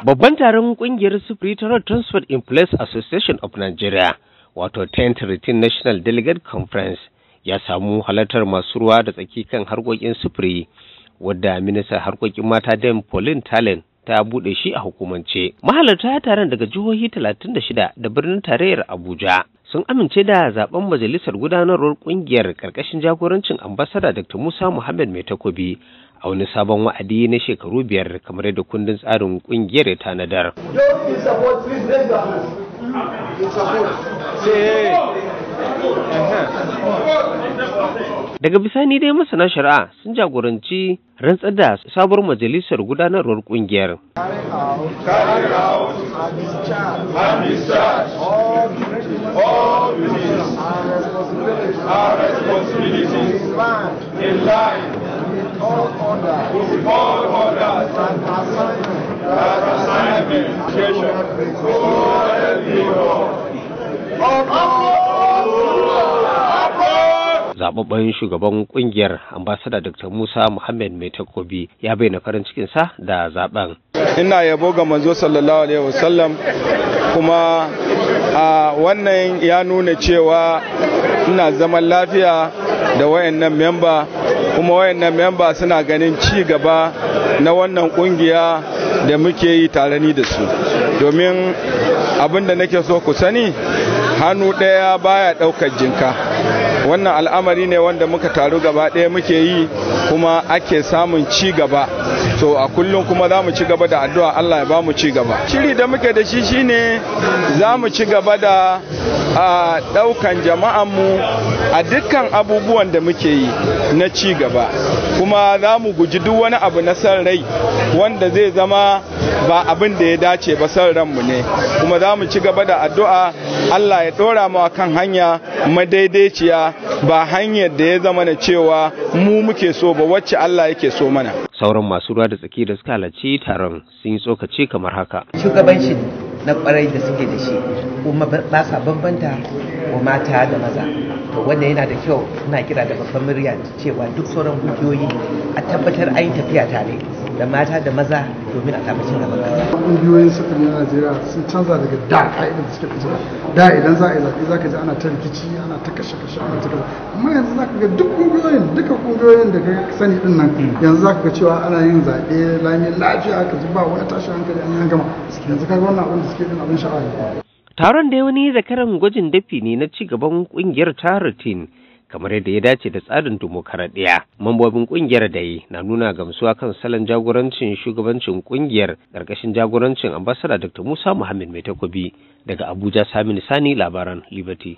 Babban taron kungiyar Spiritual Transport in Place Association of Nigeria, wato 1013 National Delegate Conference, ya samu halartar masu ruwa da tsaki kan harkokin sufuri, wadda ministan harkokin mata Dan Pauline Talen ta buɗe shi a hukumance. Mahalarta taron daga jihohi 36 da birnin tarayyar Abuja sun amince da zaben majalisar gudanarwar kungiyar karkashin jagorancin ambasada dr musa muhammad mai takobi a wani sabon wa'adi na shekaru biyar kamar yadda kundin tsarin kungiyar ya tanadar daga bisani dai masana shari'a sun jagoranci rantsar da sabuwar majalisar gudanarwar kungiyar all you need are responsibilities in line with all orders, with all orders and assignment, that assignment, education, for all shugaban ƙungiyar ambasada dr musa muhammad mai takobi ya bayyana farin cikinsa da zaben ina yabo ga manzo sallallahu alaihi wasallam kuma a wannan ya nuna cewa ina zaman lafiya da wayannan memba kuma wayannan memba suna ganin ci gaba na wannan kungiya da muke yi tare ni da su domin abin da nake so ku sani hannu ɗaya baya ɗaukar jinka wannan al'amari ne wanda muka taru gaba ɗaya muke yi kuma ake samun ci gaba so a kullum kuma za mu ci gaba da addu'a Allah ya ba mu ci gaba shiri da muke da shi shine za mu ci gaba da a jama'an mu a dukkan abubuwan da muke yi na ci gaba kuma za mu guji duk wani abu na san rai wanda zai zama ba abin da ya dace ba san ranmu ne kuma za mu ci gaba da addu'a Allah ya ɗora mu kan hanya madaidaiciya ba hanyar da ya zama na cewa mu muke so ba wacce Allah yake so mana sauran masu ruwa da tsaki da suka halarci taron sun yi tsokaci kamar haka shugabanci na kwarai da suke da shi kuma ba sa bambanta wa mata da maza to wannan yana da kyau suna kira da babban murya cewa duk sauran kungiyoyi a tabbatar an yi tafiya tare da mata da maza domin a samu cigaba da kasa. kungiyoyin sufuri na najeriya sun canza daga da ka'idar da suke fitowa da idan za a yi zaɓe za ka ji ana ta rikici ana ta kashe kashe ana ta kashe amma yanzu za ka ga duk kungiyoyin duka kungiyoyin da ka sani din nan yanzu za ka ga cewa ana yin zaɓe lami lafiya ka ji ba wani tashin hankali an yi gama yanzu ka ga wannan abin da suke din abin sha'awa Taron da wani zakaran gwajin dafi ne na ci gaban kungiyar Taritin kamar yadda ya dace da tsarin dimokuraɗiyya. Mambobin kungiyar da yi na nuna gamsuwa kan salon jagorancin shugabancin kungiyar ƙarƙashin jagorancin ambasada Dr. Musa Muhammad Mai Takobi daga Abuja Saminu Sani labaran Liberty.